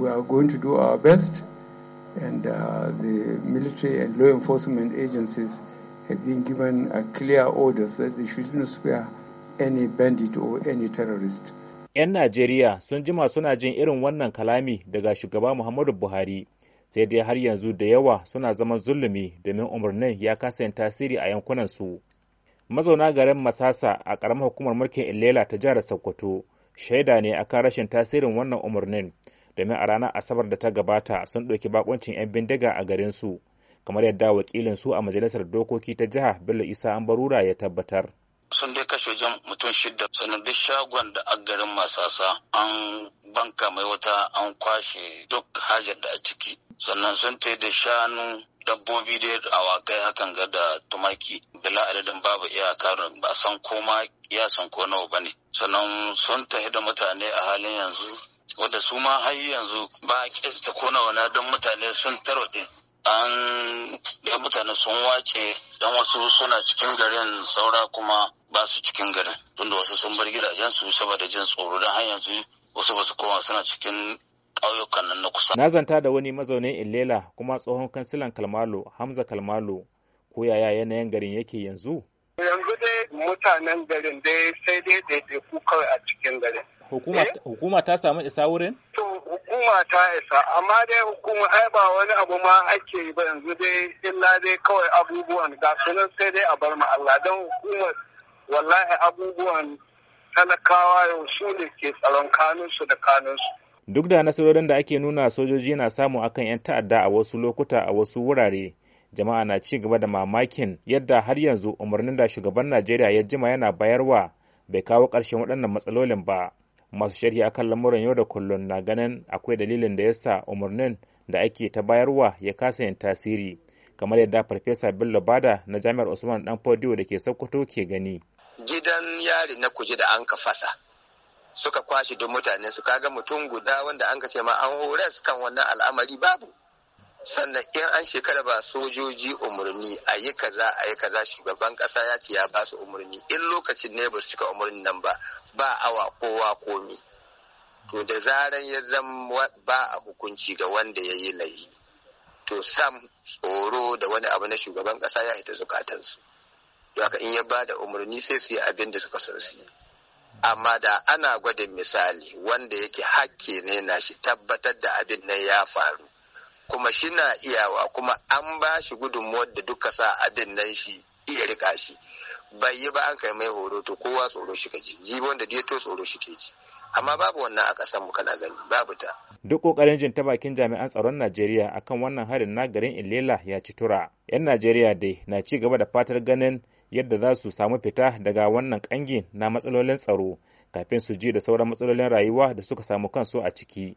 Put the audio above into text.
we are going to do our best, and uh, the military and law enforcement agencies have been given a clear orders that they should not spare any bandit or any terrorist. 'Yan Najeriya sun jima suna jin irin wannan kalami daga shugaba Muhammadu Buhari, sai dai har yanzu da yawa suna zaman zulumi domin umarnin ya kasa yin tasiri a yankunan su. Mazauna garin Masasa a ƙaramar hukumar mulkin Ilela ta jihar Sokoto shaida ne akan rashin tasirin wannan umarnin domin a ranar asabar da ta gabata sun ɗauki bakoncin 'yan bindiga a garin su kamar yadda wakilin su a majalisar dokoki ta jiha bello isa ambarura ya tabbatar sun dai kashe wajen mutum shida sannan duk shagon da a garin masasa an banka mai wata an kwashe duk hajar da a ciki sannan sun tai da shanu dabbobi da awakai hakan ga da tumaki bila adadin babu iyaka ba san koma ya san ko nawa bane sannan sun tafi da mutane a halin yanzu wanda su ma har yanzu ba a kesta ko nawa na don mutane sun tarwade an da mutane sun wace don wasu suna cikin garin saura kuma ba su cikin garin tunda wasu sun bar gidajensu saboda jin tsoro don har yanzu wasu ba su koma suna cikin ƙauyukan nan na kusa. Na zanta da wani mazaunin Illela kuma tsohon kansilan Kalmalo Hamza Kalmalo ko yaya yanayin garin yake yanzu? Yanzu dai mutanen garin dai sai dai daidaiku kawai a cikin garin. Eh? hukuma ta samu isa wurin? To hukuma ta isa amma dai hukuma ai ba wani abu ma ake yi ba yanzu dai illa dai kawai abubuwan ga sunan sai dai a bar ma Allah don hukumar wallahi abubuwan talakawa yau su ne ke tsaron kanunsu da kanunsu. Duk da nasarorin da ake nuna sojoji na samu akan 'yan ta'adda a wasu lokuta a wasu wurare, jama'a na ci gaba da mamakin yadda har yanzu umarnin da shugaban Najeriya ya jima yana bayarwa bai kawo ƙarshen waɗannan matsalolin ba. masu sharhi akan lamuran yau da kullum na ganin akwai dalilin da yasa umarnin da ake ta bayarwa ya kasa yin tasiri kamar yadda farfesa bello bada na jami'ar usman dan fodiyo da ke sokoto ke gani gidan yari na kuje da an ka fasa suka kwashe duk mutane su ga mutum guda wanda an ka ce ma an hore kan wannan al'amari babu sannan in an shekara ba sojoji umarni a yi kaza a yi kaza shugaban kasa ya ce ya ba su umarni in lokacin ne ba su cika umarni nan ba ba awa kowa komi to da zaran ya zama ba a hukunci ga wanda ya yi layi to sam tsoro da wani abu na shugaban kasa ya hita zukatansu to haka in ya ba da umarni sai su yi abin da suka san su yi amma da ana gwada misali wanda yake hakke ne na shi tabbatar da abin nan ya faru kuma shi na iyawa kuma an ba shi gudunmuwar da duka sa abin nan shi iya rika shi bai yi ba an kai mai horo to kowa tsoro shi kaji ji da to tsoro shi ke ji amma babu wannan a ƙasar mu kana gani babu ta duk kokarin jin ta bakin jami'an tsaron Najeriya akan wannan harin na garin Ilela ya ci tura yan Najeriya dai na ci gaba da fatar ganin yadda za su samu fita daga wannan kangi na matsalolin tsaro kafin su ji da sauran matsalolin rayuwa da suka samu kansu a ciki